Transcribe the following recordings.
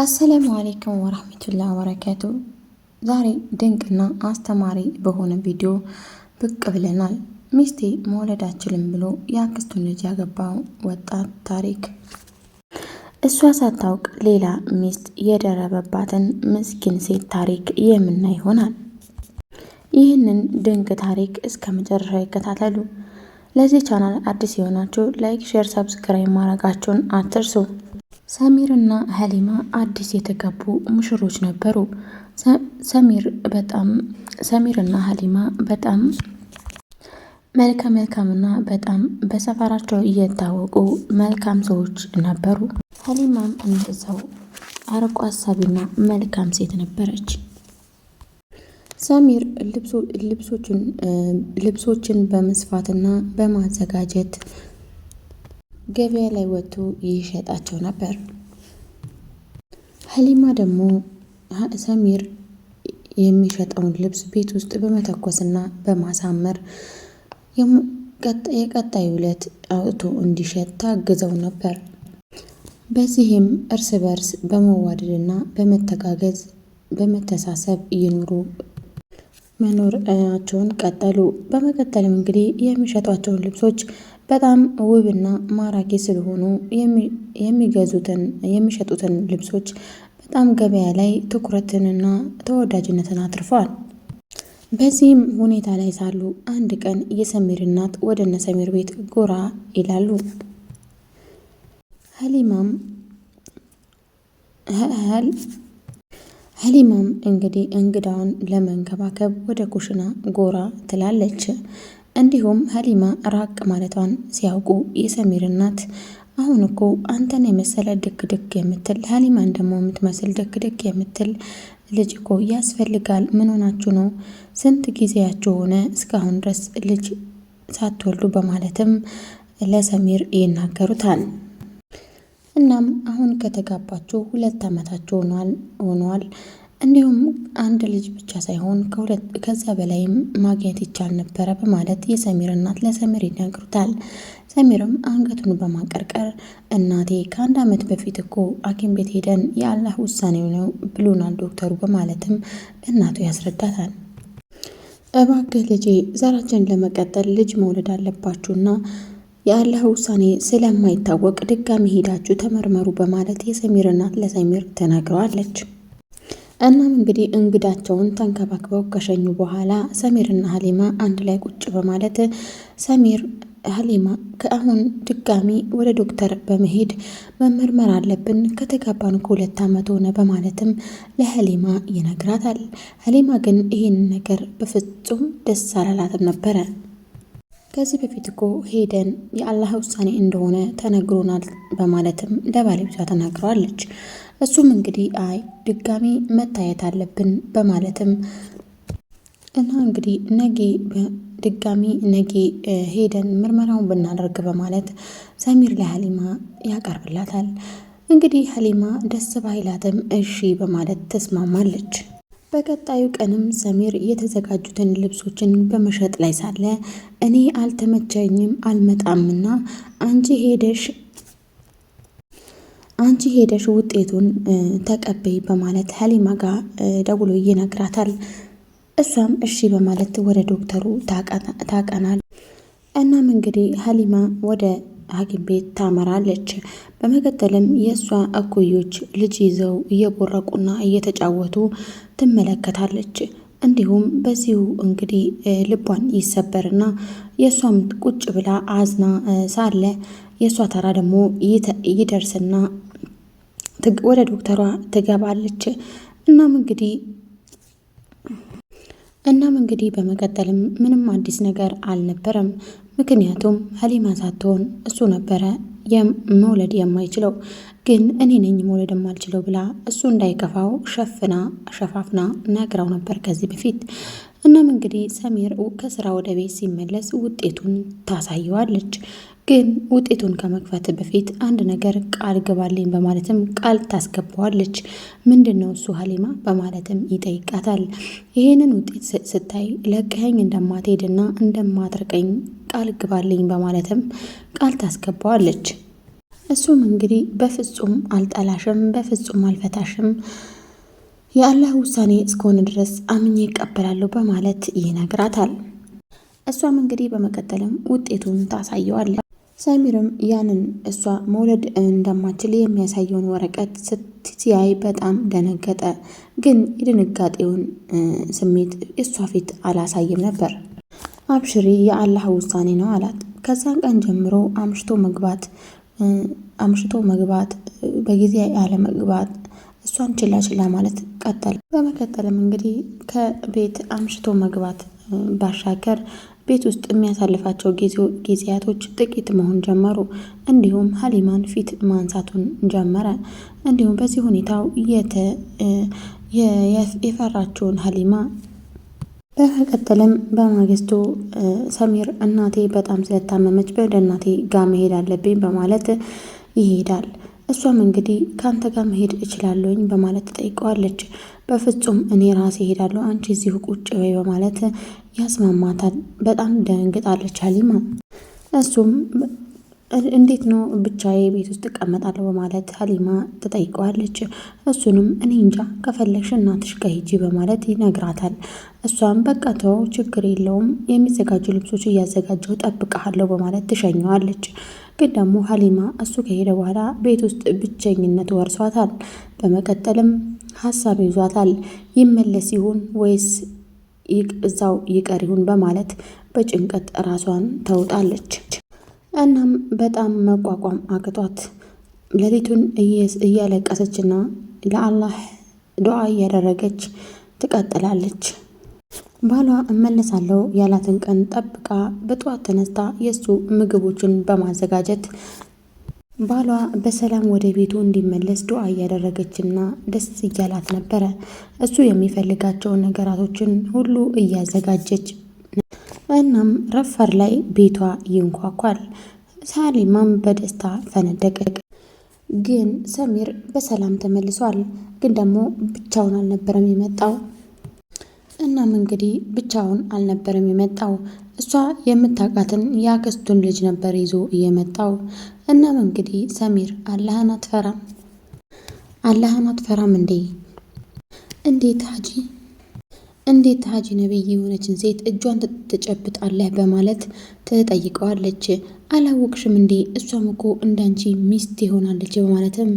አሰላሙ አሌይኩም ወራህመቱላህ ወበረካቱ። ዛሬ ድንቅና አስተማሪ በሆነ ቪዲዮ ብቅ ብለናል። ሚስቴ መውለድ አችልም ብሎ የአክስቱን ልጅ ያገባው ወጣት ታሪክ። እሷ ሳታውቅ ሌላ ሚስት የደረበባትን ምስኪን ሴት ታሪክ የምናይ ይሆናል። ይህንን ድንቅ ታሪክ እስከ መጨረሻ ይከታተሉ። ለዚህ ቻናል አዲስ የሆናችሁ ላይክ፣ ሼር፣ ሰብስክራይብ ማድረጋችሁን አትርሱ። ሰሚርና ሀሊማ አዲስ የተጋቡ ሙሽሮች ነበሩ። ሰሚር በጣም ሰሚርና ሀሊማ በጣም መልከ መልካምና በጣም በሰፈራቸው እየታወቁ መልካም ሰዎች ነበሩ። ሀሊማም እንደዛው አርቆ አሳቢና መልካም ሴት ነበረች። ሰሚር ልብሶችን በመስፋትና በማዘጋጀት ገበያ ላይ ወጥቶ ይሸጣቸው ነበር። ሀሊማ ደግሞ ሰሚር የሚሸጠውን ልብስ ቤት ውስጥ በመተኮስና በማሳመር የቀጣይ ዕለት አውጥቶ እንዲሸጥ ታግዘው ነበር። በዚህም እርስ በርስ በመዋደድና በመተጋገዝ በመተሳሰብ እየኖሩ መኖራቸውን ቀጠሉ። በመቀጠልም እንግዲህ የሚሸጧቸውን ልብሶች በጣም ውብና ማራኪ ስለሆኑ የሚገዙትን የሚሸጡትን ልብሶች በጣም ገበያ ላይ ትኩረትንና ተወዳጅነትን አትርፈዋል። በዚህም ሁኔታ ላይ ሳሉ አንድ ቀን የሰሚር እናት ወደ እነ ሰሚር ቤት ጎራ ይላሉ። ሀሊማም ሀሊማም እንግዲህ እንግዳውን ለመንከባከብ ወደ ኩሽና ጎራ ትላለች። እንዲሁም ሀሊማ ራቅ ማለቷን ሲያውቁ የሰሚር እናት አሁን እኮ አንተን የመሰለ ድክ ድክ የምትል ሀሊማን ደግሞ የምትመስል ድክ ድክ የምትል ልጅ እኮ ያስፈልጋል። ምን ሆናችሁ ነው? ስንት ጊዜያችሁ ሆነ እስካሁን ድረስ ልጅ ሳትወልዱ? በማለትም ለሰሚር ይናገሩታል። እናም አሁን ከተጋባችሁ ሁለት ዓመታችሁ ሆኗል እንዲሁም አንድ ልጅ ብቻ ሳይሆን ከዚያ በላይም ማግኘት ይቻል ነበረ በማለት የሰሚር እናት ለሰሚር ይነግሩታል። ሰሚርም አንገቱን በማቀርቀር እናቴ ከአንድ ዓመት በፊት እኮ ሐኪም ቤት ሄደን የአላህ ውሳኔው ነው ብሎናል ዶክተሩ በማለትም እናቱ ያስረዳታል። እባክህ ልጄ ዘራችን ለመቀጠል ልጅ መውለድ አለባችሁና የአላህ ውሳኔ ስለማይታወቅ ድጋሚ ሄዳችሁ ተመርመሩ በማለት የሰሚር እናት ለሰሚር ተናግረዋለች። እናም እንግዲህ እንግዳቸውን ተንከባክበው ከሸኙ በኋላ ሰሜርና ሀሊማ አንድ ላይ ቁጭ በማለት ሰሜር ሀሊማ ከአሁን ድጋሚ ወደ ዶክተር በመሄድ መመርመር አለብን፣ ከተጋባን ከሁለት ዓመት ሆነ በማለትም ለሀሊማ ይነግራታል። ሀሊማ ግን ይህን ነገር በፍጹም ደስ አላላትም ነበረ። ከዚህ በፊት እኮ ሄደን የአላህ ውሳኔ እንደሆነ ተነግሮናል በማለትም ለባለቤቷ ተናግረዋለች። እሱም እንግዲህ አይ ድጋሚ መታየት አለብን በማለትም እና እንግዲህ ነጌ ድጋሚ ነጌ ሄደን ምርመራውን ብናደርግ በማለት ሰሚር ለሀሊማ ያቀርብላታል። እንግዲህ ሀሊማ ደስ ባይላትም እሺ በማለት ተስማማለች። በቀጣዩ ቀንም ሰሚር የተዘጋጁትን ልብሶችን በመሸጥ ላይ ሳለ እኔ አልተመቸኝም አልመጣምና አንቺ ሄደሽ አንቺ ሄደሽ ውጤቱን ተቀበይ በማለት ሀሊማ ጋር ደውሎ ይነግራታል። እሷም እሺ በማለት ወደ ዶክተሩ ታቀናል። እናም እንግዲህ ሀሊማ ወደ ሐኪም ቤት ታመራለች። በመቀጠልም የእሷ እኩዮች ልጅ ይዘው እየቦረቁና እየተጫወቱ ትመለከታለች። እንዲሁም በዚሁ እንግዲህ ልቧን ይሰበርና የእሷም ቁጭ ብላ አዝና ሳለ የእሷ ተራ ደግሞ ይደርስና ወደ ዶክተሯ ትገባለች። እናም እንግዲህ እናም እንግዲህ በመቀጠልም ምንም አዲስ ነገር አልነበረም። ምክንያቱም ሀሊማ ሳትሆን እሱ ነበረ መውለድ የማይችለው ግን እኔ ነኝ መውለድ የማልችለው ብላ እሱ እንዳይከፋው ሸፍና ሸፋፍና ነግራው ነበር ከዚህ በፊት። እናም እንግዲህ ሰሚር ከስራ ወደ ቤት ሲመለስ ውጤቱን ታሳየዋለች። ግን ውጤቱን ከመግፋት በፊት አንድ ነገር ቃል ግባልኝ በማለትም ቃል ታስገባዋለች። ምንድን ነው እሱ ሀሊማ በማለትም ይጠይቃታል። ይህንን ውጤት ስታይ ለቀኸኝ እንደማትሄድና እንደማትርቀኝ ቃል ግባልኝ በማለትም ቃል ታስገባዋለች። እሱም እንግዲህ በፍጹም አልጠላሽም፣ በፍጹም አልፈታሽም የአላህ ውሳኔ እስከሆነ ድረስ አምኜ ይቀበላለሁ በማለት ይነግራታል። እሷም እንግዲህ በመቀጠልም ውጤቱን ታሳየዋለች። ሰሚርም ያንን እሷ መውለድ እንደማትችል የሚያሳየውን ወረቀት ስትያይ በጣም ደነገጠ። ግን የድንጋጤውን ስሜት እሷ ፊት አላሳይም ነበር። አብሽሪ የአላህ ውሳኔ ነው አላት። ከዛን ቀን ጀምሮ አምሽቶ መግባት አምሽቶ መግባት፣ በጊዜ ያለመግባት፣ እሷን ችላ ችላ ማለት ቀጠለ። በመቀጠልም እንግዲህ ከቤት አምሽቶ መግባት ባሻገር ቤት ውስጥ የሚያሳልፋቸው ጊዜያቶች ጥቂት መሆን ጀመሩ። እንዲሁም ሀሊማን ፊት ማንሳቱን ጀመረ። እንዲሁም በዚህ ሁኔታው የፈራችውን ሀሊማ በመቀጠልም በማግስቱ ሰሚር እናቴ በጣም ስለታመመች ወደ እናቴ ጋ መሄድ አለብኝ በማለት ይሄዳል። እሷም እንግዲህ ከአንተ ጋር መሄድ እችላለሁኝ በማለት ትጠይቀዋለች። በፍጹም እኔ ራሴ እሄዳለሁ፣ አንቺ እዚሁ ቁጭ በይ በማለት ያስማማታል። በጣም ደንግጣለች አሊማ። እሱም እንዴት ነው ብቻዬ ቤት ውስጥ እቀመጣለሁ በማለት ሀሊማ ትጠይቀዋለች። እሱንም እኔ እንጃ ከፈለግሽ እናትሽ ጋር ሂጂ በማለት ይነግራታል። እሷም በቃ ተው ችግር የለውም የሚዘጋጁ ልብሶች እያዘጋጀው ጠብቀሃለሁ በማለት ትሸኘዋለች። ግን ደግሞ ሀሊማ እሱ ከሄደ በኋላ ቤት ውስጥ ብቸኝነት ወርሷታል። በመቀጠልም ሀሳብ ይዟታል። ይመለስ ይሆን ወይስ እዛው ይቀር ይሁን በማለት በጭንቀት ራሷን ተውጣለች። እናም በጣም መቋቋም አቅቷት ሌሊቱን እያለቀሰችና ለአላህ ዱዓ እያደረገች ትቀጥላለች። ባሏ እመለሳለሁ ያላትን ቀን ጠብቃ በጠዋት ተነስታ የእሱ ምግቦችን በማዘጋጀት ባሏ በሰላም ወደ ቤቱ እንዲመለስ ዱዓ እያደረገችና ደስ እያላት ነበረ። እሱ የሚፈልጋቸውን ነገራቶችን ሁሉ እያዘጋጀች እናም ረፈር ላይ ቤቷ ይንኳኳል። ሳሊማም በደስታ ፈነደቀቅ። ግን ሰሚር በሰላም ተመልሷል። ግን ደግሞ ብቻውን አልነበረም የመጣው። እናም እንግዲህ ብቻውን አልነበረም የመጣው እሷ የምታውቃትን የአክስቱን ልጅ ነበር ይዞ እየመጣው። እናም እንግዲህ ሰሚር አላህን አትፈራም አላህን አትፈራም እንዴ? እንዴት ሀጂ እንዴት ሀጂ ነብይ የሆነችን ሴት እጇን ትጨብጣለህ? በማለት ትጠይቀዋለች። አላወቅሽም እንዴ? እሷም እኮ እንዳንቺ ሚስት ይሆናለች በማለትም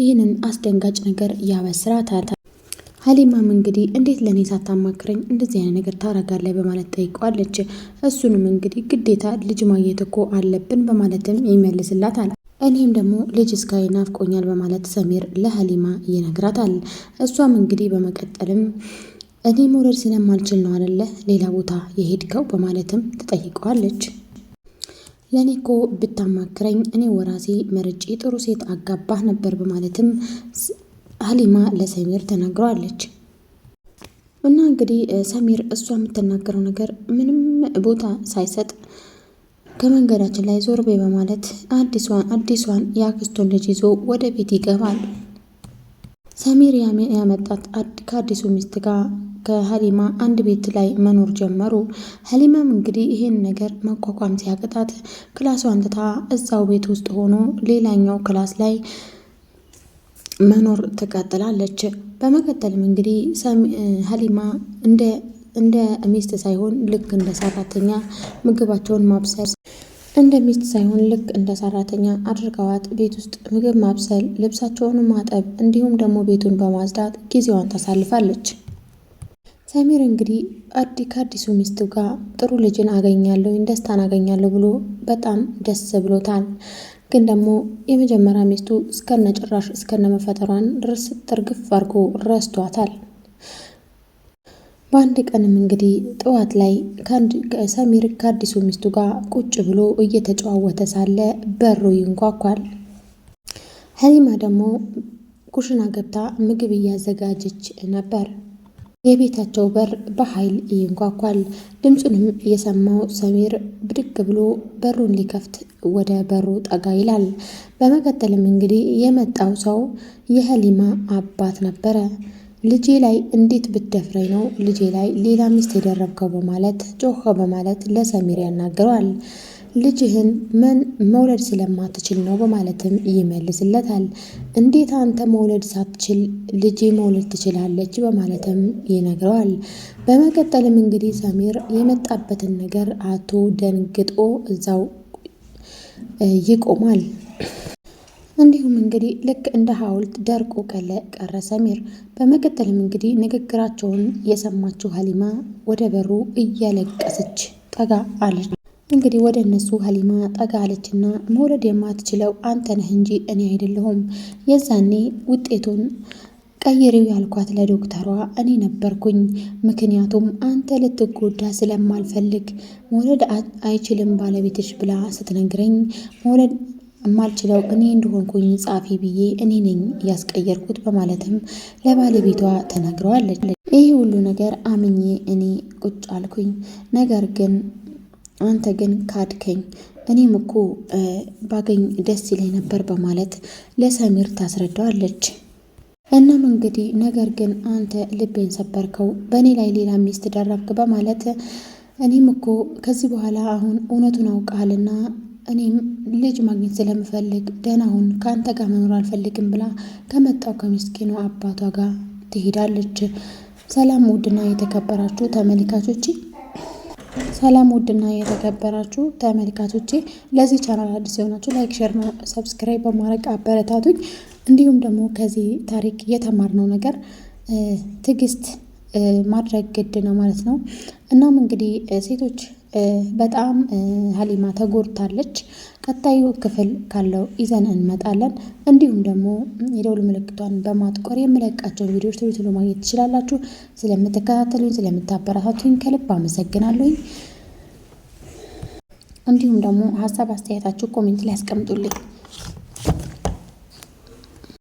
ይህንን አስደንጋጭ ነገር ያበስራታል። ሀሊማም እንግዲህ እንዴት ለእኔ ሳታማክረኝ እንደዚህ አይነት ነገር ታረጋለህ? በማለት ጠይቀዋለች። እሱንም እንግዲህ ግዴታ ልጅ ማግኘት እኮ አለብን በማለትም ይመልስላታል። እኔም ደግሞ ልጅ እስካይ ናፍቆኛል በማለት ሰሚር ለሀሊማ ይነግራታል። እሷም እንግዲህ በመቀጠልም እኔ መውረድ ስለማልችል ነው አደለ ሌላ ቦታ የሄድከው በማለትም ትጠይቀዋለች። ለእኔ እኮ ብታማክረኝ እኔ ወራሴ መርጬ ጥሩ ሴት አጋባህ ነበር በማለትም ሀሊማ ለሰሚር ተናግረዋለች። እና እንግዲህ ሰሚር እሷ የምትናገረው ነገር ምንም ቦታ ሳይሰጥ ከመንገዳችን ላይ ዞር በይ በማለት አዲሷን አዲሷን የአክስቶን ልጅ ይዞ ወደ ቤት ይገባል። ሰሚር ያመጣት ከአዲሱ ሚስት ጋር ከሀሊማ አንድ ቤት ላይ መኖር ጀመሩ። ሀሊማም እንግዲህ ይህን ነገር መቋቋም ሲያቅጣት ክላሷን ትታ እዛው ቤት ውስጥ ሆኖ ሌላኛው ክላስ ላይ መኖር ትቀጥላለች። በመቀጠልም እንግዲህ ሀሊማ እንደ እንደ ሚስት ሳይሆን ልክ እንደ ሰራተኛ ምግባቸውን ማብሰል እንደ ሚስት ሳይሆን ልክ እንደ ሰራተኛ አድርገዋት ቤት ውስጥ ምግብ ማብሰል፣ ልብሳቸውን ማጠብ እንዲሁም ደግሞ ቤቱን በማጽዳት ጊዜዋን ታሳልፋለች። ሰሚር እንግዲህ አዲ ከአዲሱ ሚስቱ ጋር ጥሩ ልጅን አገኛለሁ ደስታን አገኛለሁ ብሎ በጣም ደስ ብሎታል። ግን ደግሞ የመጀመሪያ ሚስቱ እስከነ ጭራሽ እስከነ መፈጠሯን ድረስ ጥርግፍ አድርጎ ረስቷታል። በአንድ ቀንም እንግዲህ ጠዋት ላይ ሰሚር ከአዲሱ ሚስቱ ጋር ቁጭ ብሎ እየተጨዋወተ ሳለ በሩ ይንኳኳል። ሀሊማ ደግሞ ኩሽና ገብታ ምግብ እያዘጋጀች ነበር። የቤታቸው በር በኃይል ይንኳኳል። ድምፁንም የሰማው ሰሚር ብድግ ብሎ በሩን ሊከፍት ወደ በሩ ጠጋ ይላል። በመቀጠልም እንግዲህ የመጣው ሰው የህሊማ አባት ነበረ። ልጄ ላይ እንዴት ብትደፍረኝ ነው ልጄ ላይ ሌላ ሚስት የደረብከው? በማለት ጮኸ በማለት ለሰሚር ያናግረዋል። ልጅህን ምን መውለድ ስለማትችል ነው በማለትም ይመልስለታል። እንዴት አንተ መውለድ ሳትችል ልጅ መውለድ ትችላለች በማለትም ይነግረዋል። በመቀጠልም እንግዲህ ሰሚር የመጣበትን ነገር አቶ ደንግጦ እዛው ይቆማል። እንዲሁም እንግዲህ ልክ እንደ ሐውልት ደርቆ ቀለ ቀረ ሰሚር። በመቀጠልም እንግዲህ ንግግራቸውን የሰማችው ሀሊማ ወደ በሩ እያለቀሰች ጠጋ አለች። እንግዲህ ወደ እነሱ ሀሊማ ጠጋ አለችና መውለድ የማትችለው አንተ ነህ እንጂ እኔ አይደለሁም። የዛኔ ውጤቱን ቀይሬው ያልኳት ለዶክተሯ እኔ ነበርኩኝ። ምክንያቱም አንተ ልትጎዳ ስለማልፈልግ መውለድ አይችልም ባለቤትሽ ብላ ስትነግረኝ መውለድ የማልችለው እኔ እንደሆንኩኝ ጻፊ ብዬ እኔ ነኝ እያስቀየርኩት በማለትም ለባለቤቷ ተናግረዋለች። ይህ ሁሉ ነገር አምኜ እኔ ቁጭ አልኩኝ። ነገር ግን አንተ ግን ካድከኝ፣ እኔም እኮ ባገኝ ደስ ይለኝ ነበር በማለት ለሰሚር ታስረዳዋለች። እናም እንግዲህ ነገር ግን አንተ ልቤን ሰበርከው፣ በእኔ ላይ ሌላ ሚስት ደረብክ በማለት እኔም እኮ ከዚህ በኋላ አሁን እውነቱን አውቃልና እኔም ልጅ ማግኘት ስለምፈልግ ደህና ሁን፣ ከአንተ ጋር መኖር አልፈልግም ብላ ከመጣው ከሚስኪኑ አባቷ ጋር ትሄዳለች። ሰላም ውድና የተከበራችሁ ተመልካቾች ሰላም ውድና የተከበራችሁ ተመልካቾቼ፣ ለዚህ ቻናል አዲስ የሆናችሁ ላይክ፣ ሼር እና ሰብስክራይብ በማድረግ አበረታቱኝ። እንዲሁም ደግሞ ከዚህ ታሪክ የተማርነው ነገር ትዕግስት ማድረግ ግድ ነው ማለት ነው። እናም እንግዲህ ሴቶች በጣም ሀሊማ ተጎድታለች። ቀጣዩ ክፍል ካለው ይዘን እንመጣለን። እንዲሁም ደግሞ የደውል ምልክቷን በማጥቆር የምለቃቸውን ቪዲዮዎች ቶሎ ቶሎ ማግኘት ትችላላችሁ። ስለምትከታተሉኝ፣ ስለምታበረታቱኝ ከልብ አመሰግናለሁኝ። እንዲሁም ደግሞ ሀሳብ አስተያየታችሁ ኮሜንት ላይ ያስቀምጡልኝ።